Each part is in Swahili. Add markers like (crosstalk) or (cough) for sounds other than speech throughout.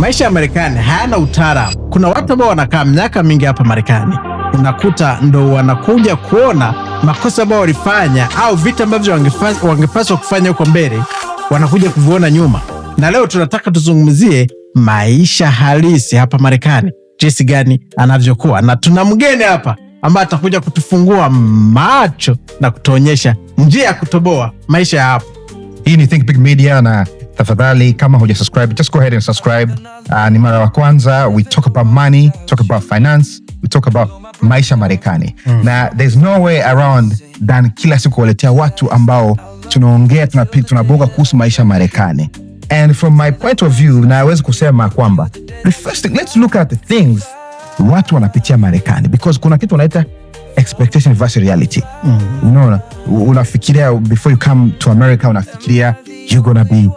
Maisha ya Marekani hayana utaalamu. Kuna watu ambao wanakaa miaka mingi hapa Marekani, unakuta ndo wanakuja kuona makosa ambayo walifanya au vitu ambavyo wangepaswa kufanya huko mbele, wanakuja kuviona nyuma. Na leo tunataka tuzungumzie maisha halisi hapa Marekani, jinsi gani anavyokuwa, na tuna mgeni hapa ambaye atakuja kutufungua macho na kutuonyesha njia ya kutoboa maisha ya hapa. Hii ni Think Big Media na tafadhali kama huja subscribe, just go ahead and subscribe. Uh, ni mara wa kwanza, we talk about money, talk about finance, we talk about maisha Marekani mm. na there's no way around than kila siku kuwaletea watu ambao tunaongea tunabonga tuna, tuna kuhusu maisha Marekani and from my point of view nawezi kusema kwamba the first thing, let's look at the things watu wanapitia Marekani because kuna kitu wanaita expectation versus reality mm. unaona, unafikiria before you come to America unafikiria you gonna be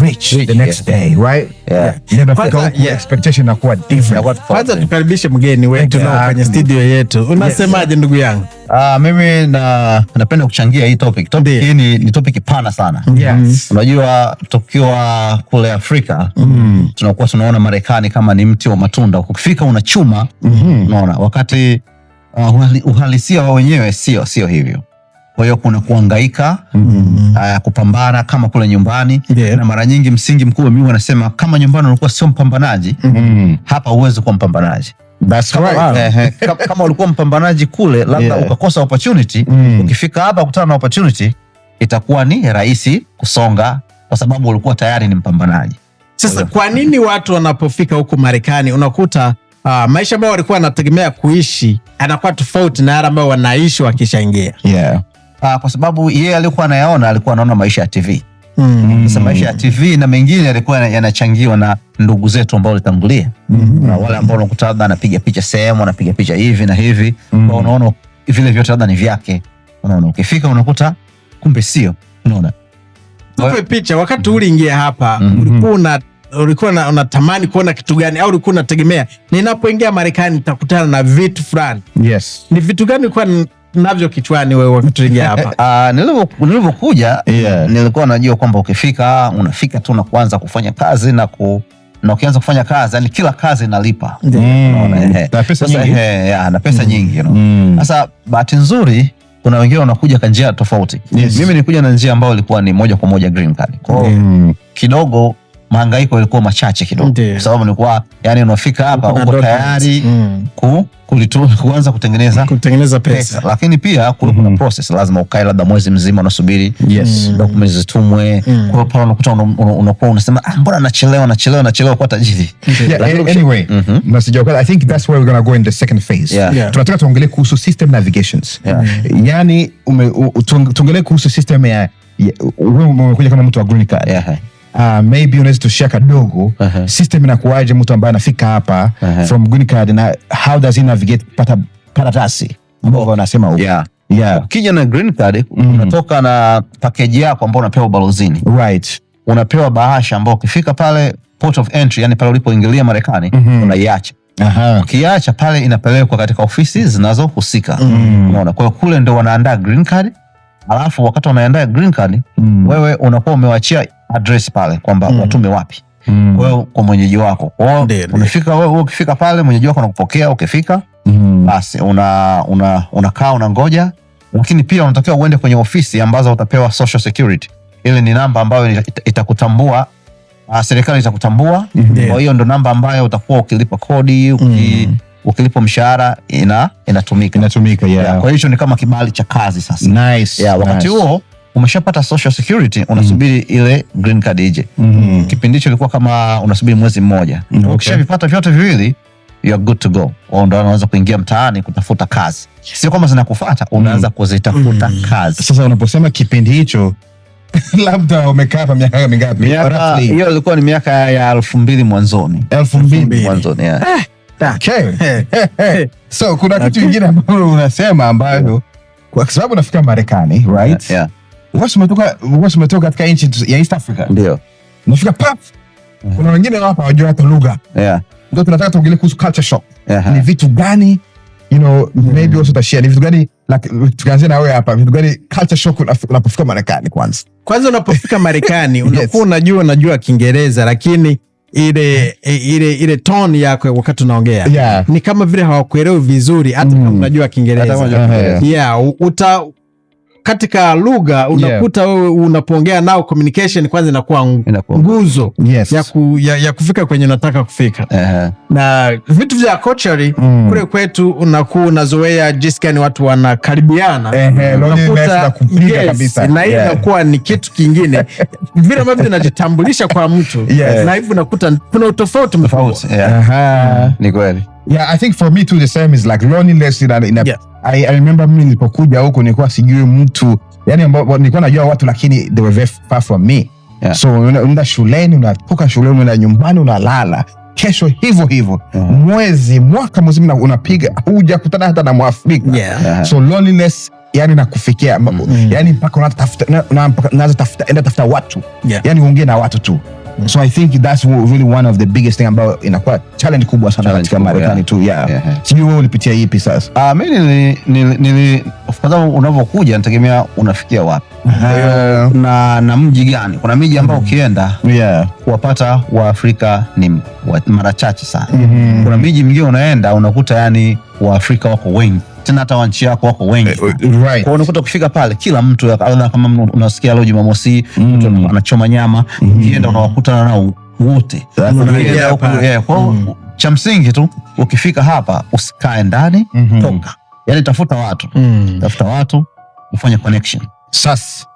rich, rich the next yeah. day right yeah. Yeah. yeah. Expectation inakuwa different. Kwanza tukaribishe mgeni wetu na kwenye um, studio yetu, unasemaje ndugu yangu? Uh, mimi na napenda kuchangia hii topic. Topic hii ni, ni topic pana sana. Yes. Unajua tukiwa kule Afrika mm. tunakuwa tunaona Marekani kama ni mti wa matunda, ukifika unachuma mm -hmm. unaona wakati uh, uhalisia wa wenyewe sio sio hivyo kwa hiyo kuna kuangaika mm -hmm. uh, kupambana kama kule nyumbani yeah. Na mara nyingi msingi mkubwa mimi wanasema kama nyumbani ulikuwa sio mpambanaji mm -hmm. hapa uweze kuwa mpambanaji That's kama, right. (laughs) eh, kama ulikuwa mpambanaji kule labda yeah. ukakosa opportunity mm. ukifika hapa kutana na opportunity itakuwa ni rahisi kusonga kwa sababu ulikuwa tayari ni mpambanaji. Sasa kwa nini watu wanapofika huku Marekani unakuta uh, maisha ambayo walikuwa wanategemea kuishi anakuwa tofauti na yale ambayo wanaishi wakishaingia? yeah uh, kwa sababu yeye alikuwa anayaona, alikuwa anaona maisha ya TV. Mm. Sasa maisha ya TV na mengine yalikuwa yanachangiwa na ndugu zetu ambao walitangulia hmm. na wale ambao unakuta labda anapiga picha sehemu, anapiga picha hivi na hivi, mm. kwa unaona vile vyote labda ni vyake, unaona ukifika unakuta kumbe sio, unaona tupe picha wakati uliingia mm-hmm. hapa hmm. ulikuwa una ulikuwa unatamani kuona kitu gani, au ulikuwa unategemea ninapoingia Marekani nitakutana na vitu fulani? Yes, ni vitu gani ulikuwa navyo kichwani wewe ukiingia (laughs) hapa. Uh, nilivyokuja yeah. Nilikuwa najua kwamba ukifika unafika tu na kuanza kufanya kazi na ku na ukianza kufanya kazi yani kila kazi inalipa mm. na pesa nyingi eh, ya, na pesa mm. nyingi mm. sasa mm. bahati nzuri kuna wengine wanakuja kwa njia tofauti yes. Mimi nilikuja na njia ambayo ilikuwa ni moja kwa moja green card. Kwa mm. kidogo mahangaiko yalikuwa machache kidogo, kwa sababu nilikuwa yani, unafika hapa uko tayari mm. ku, kuanza kutengeneza kutengeneza pesa, pesa. Lakini pia kuna mm -hmm. process lazima ukae labda mwezi mzima unasubiri yes. Mm. documents zitumwe mm. kwa pale unakuta unakuwa unasema ah, mbona nachelewa nachelewa nachelewa kwa tajiri yeah, anyway mm -hmm. na sija I think that's where we're going to go in the second phase yeah. yeah. tunataka tuongelee kuhusu system navigations yeah. Mm. yani tuongelee kuhusu system ya wewe umekuja kama mtu wa green card yeah uh, maybe unaweza tushia kadogo uh -huh. System mtu ambaye anafika hapa uh -huh. from green card na how does he navigate pata karatasi ambao wanasema huko yeah. yeah. Ukija na green card mm. unatoka na package yako ambayo unapewa ubalozini right. Unapewa bahasha ambao ukifika pale port of entry, yani pale ulipoingilia Marekani mm -hmm. unaiacha ukiacha pale inapelekwa katika ofisi zinazohusika mm. kwa kule ndo wanaandaa green card, alafu wakati wanaandaa green card mm. wewe unakuwa umewachia address pale kwamba mm. watume wapi mm. wewe kwa mwenyeji wako kwao, unafika wewe, ukifika pale mwenyeji wako anakupokea ukifika, mm. basi unakaa una, una unangoja, lakini pia unatakiwa uende kwenye ofisi ambazo utapewa social security. Ile ni namba ambayo itakutambua ita ah, serikali itakutambua kwa hiyo ndo namba ambayo utakuwa ukilipa kodi uki, mm ukilipo mshahara ina, inatumika, inatumika yeah. Yeah, kwa hicho ni kama kibali cha kazi sasa. Nice, yeah, wakati huo nice umeshapata social security unasubiri mm. ile green card ije mm. kipindi hicho ilikuwa kama unasubiri mwezi mmoja mm. okay. Ukishavipata vyote viwili you are good to go, wao ndio unaanza kuingia mtaani kutafuta kazi, sio kama zinakufuata, unaanza kuzitafuta mm. kazi. Sasa unaposema kipindi hicho (laughs) labda umekaa hapa miaka mingapi? Hiyo ilikuwa ni miaka ya elfu mbili mwanzoni, elfu mbili mwanzoni yeah. eh. (laughs) Okay. Hey, hey, hey. So kuna kitu kingine ambayo unasema ambayo kwa sababu nafika Marekani right? yeah, yeah umetoka katika nchi ya East Africa, ndio unafika pap, kuna wengine hapa hawajua hata lugha, ndio tunataka tuongelee kuhusu culture shock, uh-huh. ni vitu gani you know maybe mm. also tashare ni vitu gani like, tukianzia na wewe hapa, vitu gani culture shock unapofika Marekani? Kwanza kwanza unapofika Marekani (laughs) yes. unajua unajua Kiingereza lakini ile ile ile tone yako wakati unaongea yeah. ni kama vile hawakuelewi vizuri hata mm. kama unajua Kiingereza uh-huh. yeah uta katika lugha unakuta yeah. wewe unapoongea nao communication kwanza inakuwa nguzo yes. ya, ku, ya, ya kufika kwenye unataka kufika uh -huh. na vitu vya kochari mm. kule kwetu unakuwa unazoea jinsi gani watu wanakaribiana unakuta na hii inakuwa ni kitu kingine (laughs) vile ambavyo inajitambulisha kwa mtu yes. na hivyo unakuta kuna utofauti mkubwa. Mm. Ni kweli. Yeah, I think for me too the same is like learning lesson that in a, yeah. I, I remember mimi nilipokuja huko nilikuwa sijui mtu yani, nilikuwa najua watu lakini they were very far from me yeah. So unaenda shuleni, unatoka shuleni, unaenda nyumbani, unalala kesho hivyo hivyo yeah. Uh-huh. Mwezi mwaka mzima unapiga, hujakutana hata na Mwafrika yeah. Uh-huh. So loneliness yani nakufikia mm -hmm. Yani mpaka unatafuta, tafuta enda tafuta watu yeah. Yani uongee na watu tu so I think that's really one of the biggest thing ambayo inakuwa challenge kubwa sana katika Marekani tu yeah. yeah. Sijui wewe ulipitia ipi sasa? Ah, uh, mimi nili unavyokuja nategemea unafikia wapi uh-huh. na na mji gani? Kuna miji ambayo ukienda yeah. kuwapata Waafrika ni mara chache sana mm -hmm. Kuna miji mingine unaenda unakuta yani Waafrika wako wengi tena hata wanchi yako wako wengi eh, oh, right. Kwa unakuta kufika pale kila mtu labda kama unasikia leo Jumamosi mm. mtu anachoma nyama mm. unawakutana nao wote eh, mm. cha msingi tu ukifika hapa usikae ndani mm -hmm. toka yani tafuta watu mm. tafuta watu ufanye connection sasa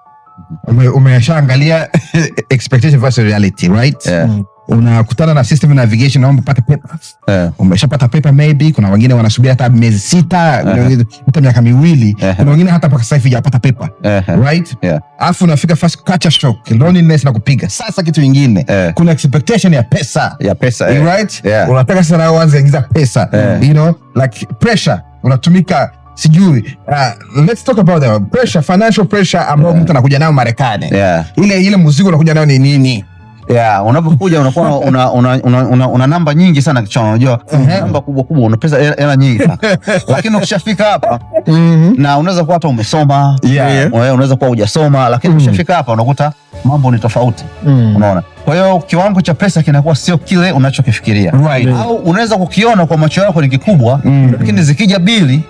umeshaangalia (laughs) expectation versus reality right yeah. mm unakutana na system navigation, naomba upate papers yeah. Umeshapata paper maybe, kuna wengine wanasubiri hata miezi sita uh eh. -huh. hata miaka miwili uh eh. -huh. kuna wengine hata mpaka sasa hivi hawajapata paper uh eh. -huh. right yeah. Afu unafika first culture shock, loneliness na kupiga sasa. Kitu kingine uh -huh. kuna expectation ya pesa ya pesa yeah. right yeah. Unataka sana uanze ingiza pesa uh -huh. you know like pressure unatumika sijui uh, let's talk about the pressure, financial pressure ambayo yeah. mtu anakuja nayo Marekani yeah. ile ile muziki unakuja nayo ni nini? Yeah, unapokuja unakuwa una una, una, una, una una namba nyingi sana kichwani, unajua mhm. eh, namba kubwa kubwa, una pesa hela nyingi sana (laughs) lakini ukishafika hapa mhm. na unaweza kuwa hata umesoma yeah. yeah. unaweza kuwa hujasoma lakini mhm. ukishafika hapa unakuta mambo ni tofauti mm. Unaona, kwa hiyo kiwango cha pesa kinakuwa sio kile unachokifikiria right. Au unaweza kukiona kwa macho yako ni kikubwa mm. lakini zikija bili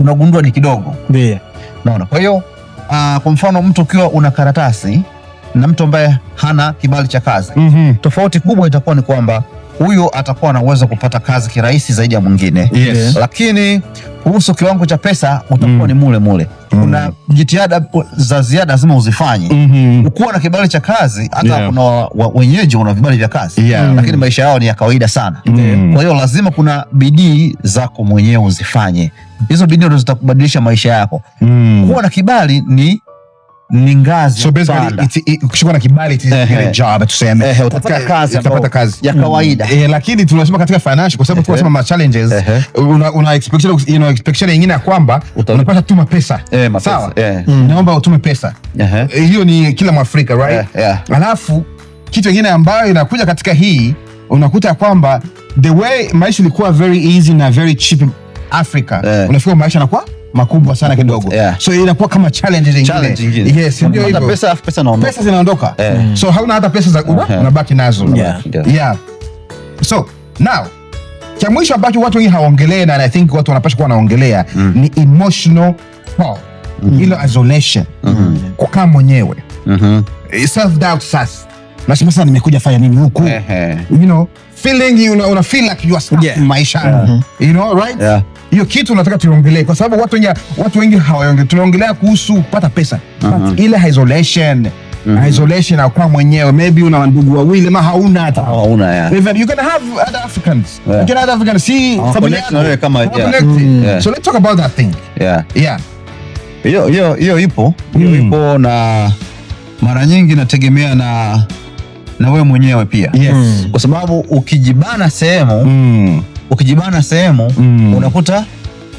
unagundua ni kidogo yeah. Unaona, kwa hiyo uh, kwa mfano mtu ukiwa una karatasi na mtu ambaye hana kibali cha kazi mm -hmm. Tofauti kubwa itakuwa ni kwamba huyu atakuwa na uwezo kupata kazi kirahisi zaidi ya mwingine yes. Lakini kuhusu kiwango cha pesa utakuwa mm. ni mule mule mm. Kuna jitihada za ziada lazima uzifanye mm -hmm. Ukuwa na kibali cha kazi hata yeah. Kuna wa, wenyeji una vibali vya kazi yeah. mm. Lakini maisha yao ni ya kawaida sana mm. Kwa hiyo lazima kuna bidii zako mwenyewe uzifanye, hizo bidii ndo zitakubadilisha maisha yako mm. Kuwa na kibali ni ni ngazi so basically ukishikuwa na kibali it is a job tuseme, utapata kazi utapata kazi ya kawaida mm. eh, lakini tunasema katika financial, kwa sababu tunasema ma challenges, una una expectation you know expectation nyingine ya kwamba unapata tu mapesa eh, sawa, eh. mm. naomba utume pesa, eh, hiyo ni kila Mwafrika right. Alafu kitu kingine ambayo inakuja katika hii, unakuta kwamba the way maisha ilikuwa very easy na very cheap Africa, unafika maisha nakuwa makubwa sana kidogo yeah. So inakuwa kama challenge nyingine. Yes, ndio hivyo. Pesa pesa naondoka. Pesa zinaondoka. Yeah. Mm. So hauna hata pesa za Uber, unabaki nazo. Yeah. Yeah. Yeah. So now cha mwisho ambacho watu wengi hawaongelee na I think watu wanapaswa kuwa wanaongelea mm. ni emotional fall Mm. Ile isolation. Mm -hmm. Kukaa mwenyewe. Mm -hmm. Self doubt sas Nasema sasa nimekuja fanya nini huku? You know, feeling you una, una feel like you are stuck yeah. in maisha. Yeah. Mm-hmm. You know, right? Yeah hiyo kitu nataka tuiongelee, kwa sababu watu wengi watu wengi hawaongelei. Tunaongelea kuhusu kupata pesa uh -huh. ile isolation Mm -hmm. Isolation na kwa mwenyewe maybe una ndugu wawili ma hauna hata hauna ya even you can have other Africans yeah. you can have Africans see oh, connect na kama yeah. Mm. mm. yeah. so let's talk about that thing yeah yeah hiyo hiyo hiyo ipo hiyo mm. ipo na mara nyingi nategemea na na wewe mwenyewe pia yes. mm. kwa sababu ukijibana sehemu mm ukijibana sehemu mm. unakuta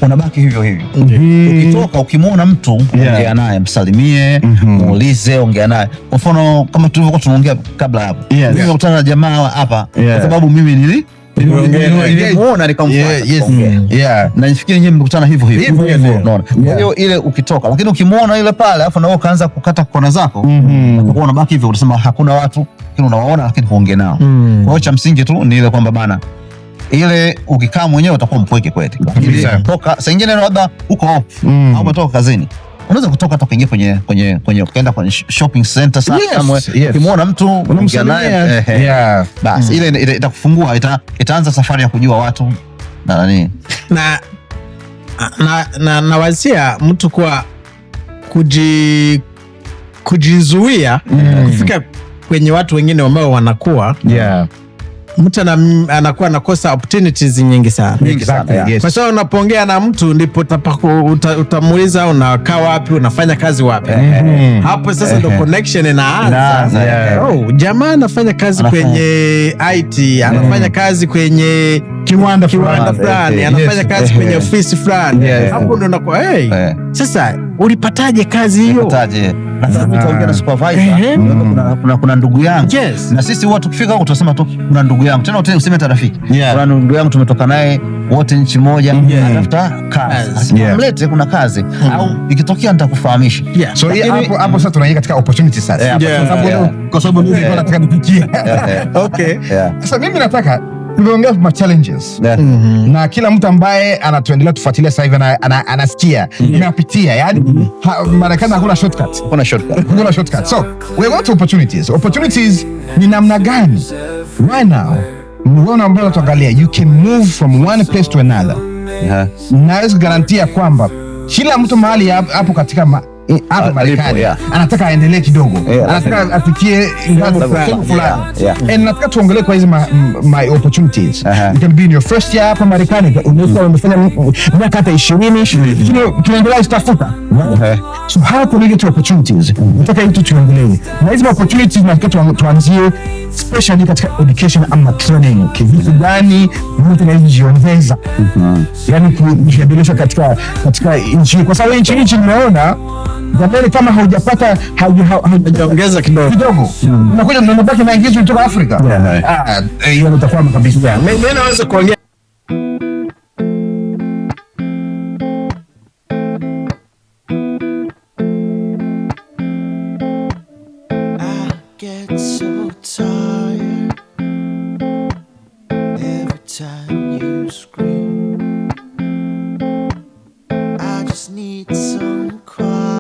unabaki hivyo hivyo. mm -hmm. Ukitoka ukimwona mtu yeah. ongea naye, msalimie, mm-hmm. muulize mm -hmm. ongea naye. Kwa mfano kama tulivyokuwa tunaongea kabla hapo, yes. mimi nakutana na jamaa hapa yeah. kwa sababu mimi nili na nifikiri hivyo hivyo, Kwa hiyo ile ukitoka, lakini ukimwona ile pale na wewe ukaanza kukata kona zako, mm-hmm. unabaki hivyo, unasema hakuna watu, lakini unawaona, lakini huongee nao. Mm. Kwa hiyo cha msingi tu ni ile kwamba bana ile ukikaa mwenyewe utakuwa mpweke kweli. Toka saa nyingine labda uko off mm. au umetoka kazini unaweza kutoka hata ukaingia kwenye kwenye kwenye ukaenda kwenye shopping center sana kama yes. ukimwona mtu unaongea naye yeah. Bas mm. ile itakufungua, ita, itaanza safari ya kujua watu na nani (laughs) na na na nawazia mtu kwa kuji kujizuia mm. kufika kwenye watu wengine ambao wanakuwa yeah mtu anakuwa anakosa opportunities nyingi sana nyingi sana yeah. Kwa sababu unapoongea na mtu ndipo utamuuliza uta unakaa wapi, unafanya kazi wapi? mm -hmm. Hapo sasa ndo eh, connection inaanza. Yeah. Oh, jamaa anafanya kazi anafanya kwenye IT anafanya mm -hmm. kazi kwenye kiwanda fulani anafanya kazi kwenye ofisi fulani, hapo ndo nakuwa sasa, ulipataje kazi hiyo? Na ah. supervisor kuna kuna ndugu yangu yes. Na sisi huwa tukifika huko tunasema tu kuna ndugu yangu tena, useme hata rafiki, kuna ndugu yangu tumetoka naye wote nchi moja, mm-hmm. anatafuta kazi, mlete kuna kazi mm-hmm. au ikitokea nitakufahamisha. So hapo hapo sasa tunaingia katika opportunity sasa, kwa sababu mimi nataka nikupikia. (laughs) Okay, sasa mimi nataka tumeongea ma challenges yeah. mm -hmm. na kila mtu ambaye anatuendelea tufuatilia sasa hivi anasikia nimeapitia, mm-hmm. yani mm -hmm. ha, Marekani hakuna shortcut, hakuna shortcut, hakuna shortcut. So we want opportunities. Opportunities ni namna gani right now mwana ambao natuangalia, you can move from one place to another. yeah. Naweza kugarantia kwamba kila mtu mahali hapo katika ma hapa ah, Marekani Anataka aendelee kidogo yeah, anataka afikie ngazi fulani nataka tuongelee kwa hizi my opportunities You can be in your first year hapa Marekani unaweza mm. umefanya miaka hata 20 mm. tunaendelea kutafuta so how can we get opportunities mm. nataka hitu tuongelee na hizi opportunities nataka tuanzie especially katika education ama training kivitu gani mtu anaweza jiongeza mm-hmm. yani kujiendeleza katika katika nchi kwa sababu nchi nchi nimeona Jamani, kama haujapata haujaongeza kidogo kidogo, mm. unakuja na mabaki maagizo kutoka Afrika, ah, eh, hiyo utakwama kabisa. Mimi naweza kuongea